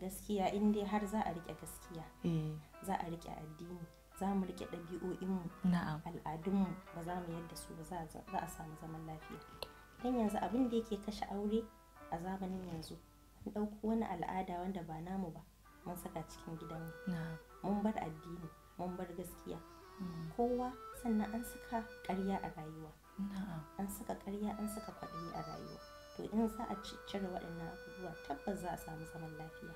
gaskiya in dai har za a rike gaskiya eh. za a rike addini za mu rike ɗabi'o'inmu al'adunmu ba za mu yadda su ba za a samu zaman lafiya don yanzu abin da yake kashe aure a zamanin yanzu an ɗauko wani al'ada wanda ba namu ba mun saka cikin gidanmu mun bar addini mun bar gaskiya mm. kowa sannan an saka ƙarya a rayuwa an saka ƙarya an saka kwaɗayi a rayuwa to idan za a cire waɗannan abubuwa tabbas za a samu zaman lafiya